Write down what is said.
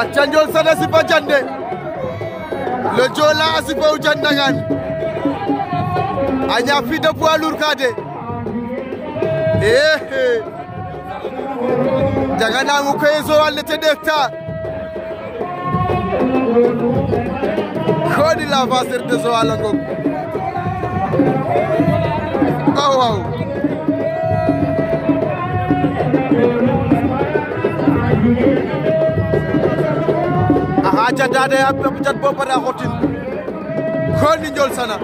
acca njool sana sipa jande le a sipawu jandangan a ñaa fi de poids lourd ka de ee eh, eh. jaganangu koye zo walle te ɗefta koɗi lavaser de zo wala ngog aw aw accataade a pepu cat bo a xotin ko ni sana